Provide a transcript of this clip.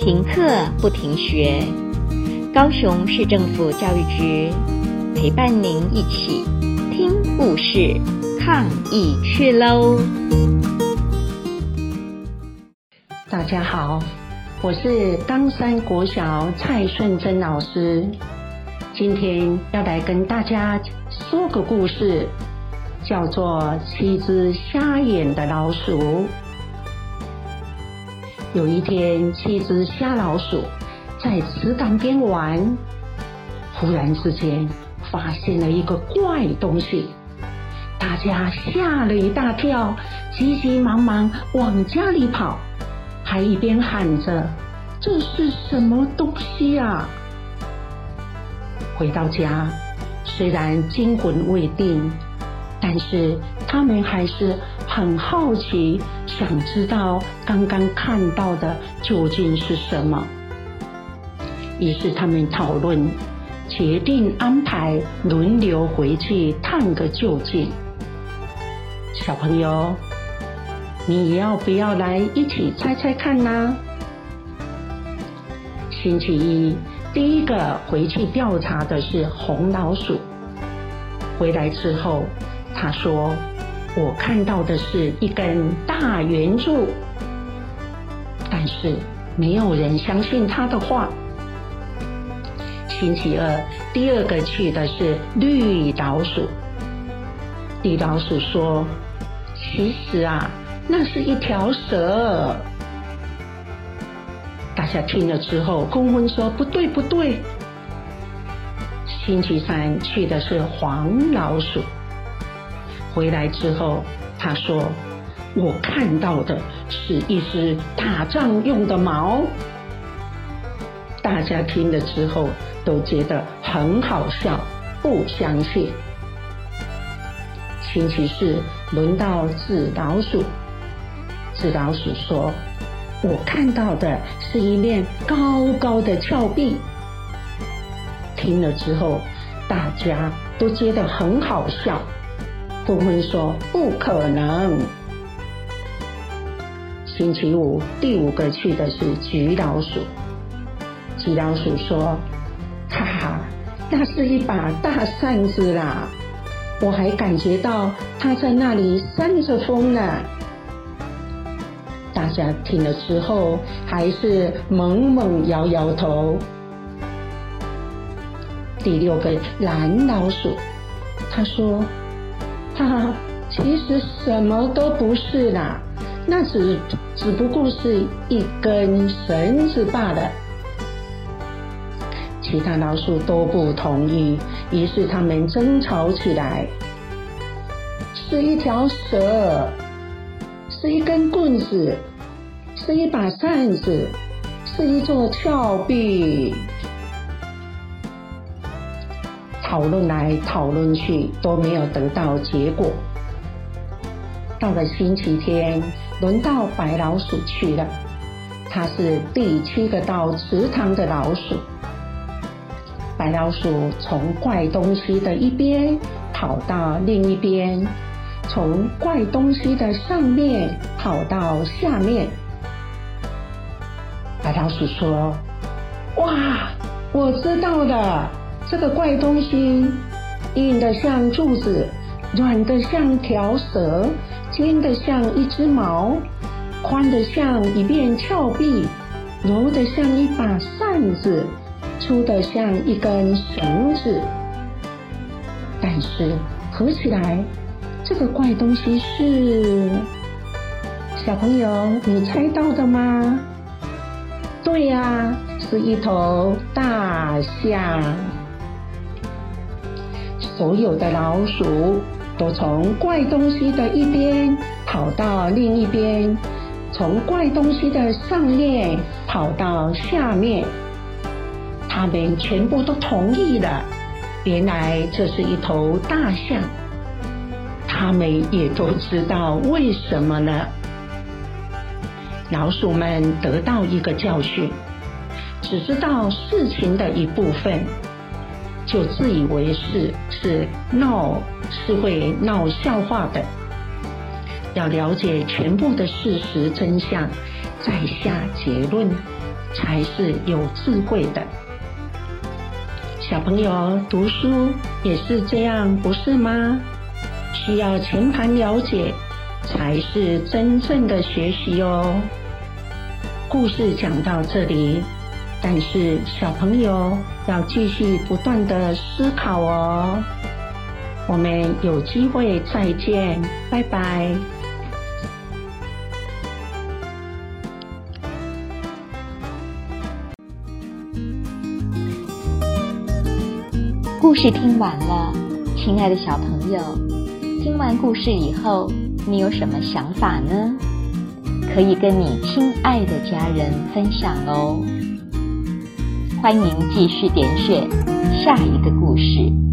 停課不停學，高雄市政府教育局陪伴您一起聽故事，抗疫趣嘍！大家好，我是岡山國小蔡順貞老師，今天要來跟大家說個故事，叫做《七隻瞎眼的老鼠》。有一天，七隻瞎老鼠在池塘邊玩，忽然之間發現了一個怪東西，大家嚇了一大跳，急急忙忙往家裡跑，還一邊喊着：“這是什麼東西啊？”回到家，雖然驚魂未定。但是他們還是很好奇，想知道剛剛看到的究竟是什麼。於是他們討論，決定安排輪流回去探個究竟。小朋友，你也要不要來一起猜猜看呢、啊？星期一第一個回去調查的是紅老鼠，回來之後。他說：“我看到的是一根大圓柱。”但是沒有人相信他的話。星期二，第二個去的是綠老鼠。綠老鼠說：“其實啊，那是一條蛇。”大家聽了之後，紛紛說：“不對，不對。”星期三去的是黃老鼠。回來之後，他說：“我看到的是一隻打仗用的矛。”大家聽了之後都覺得很好笑，不相信。星期四輪到紙老鼠，紙老鼠說：“我看到的是一面高高的峭壁。”聽了之後，大家都覺得很好笑。禿鷹說：“不可能。”星期五，第五個去的是橘老鼠。橘老鼠說：“哈哈，那是一把大扇子啦，我還感覺到它在那裡扇着風呢、啊。”大家聽了之後，還是猛猛搖搖頭。第六個藍老鼠，他說。哈哈、啊，其實什麼都不是啦，那只只不過是一根繩子罷了。其他老鼠都不同意，於是他們爭吵起來：是一條蛇，是一根棍子，是一把扇子，是一座峭壁。討論來討論去都沒有得到結果。到了星期天，輪到白老鼠去了。它是第七個到池塘的老鼠。白老鼠從怪東西的一邊跑到另一邊，從怪東西的上面跑到下面。白老鼠說：“哇，我知道的。”這個怪東西，硬的像柱子，軟的像條蛇，尖的像一隻矛，寬的像一片峭壁，柔的像一把扇子，粗的像一根繩子。但是合起來，這個怪東西是小朋友，你猜到的嗎？對呀，啊，是一頭大象。所有的老鼠都從怪東西的一邊跑到另一邊，從怪東西的上面跑到下面。他們全部都同意了。原來這是一頭大象。他們也都知道為什麼呢？老鼠們得到一個教訓：只知道事情的一部分。就自以為是，是鬧是會鬧笑話的。要了解全部的事實真相，再下結論才是有智慧的。小朋友讀書也是這樣，不是嗎？需要全盤了解，才是真正的學習哦。故事講到這裡，但是小朋友，要繼續不斷地思考哦，我們有機會再見，拜拜。故事聽完了，親愛的小朋友，聽完故事以後，你有什麼想法呢？可以跟你親愛的家人分享哦。歡迎繼續點選下一個故事。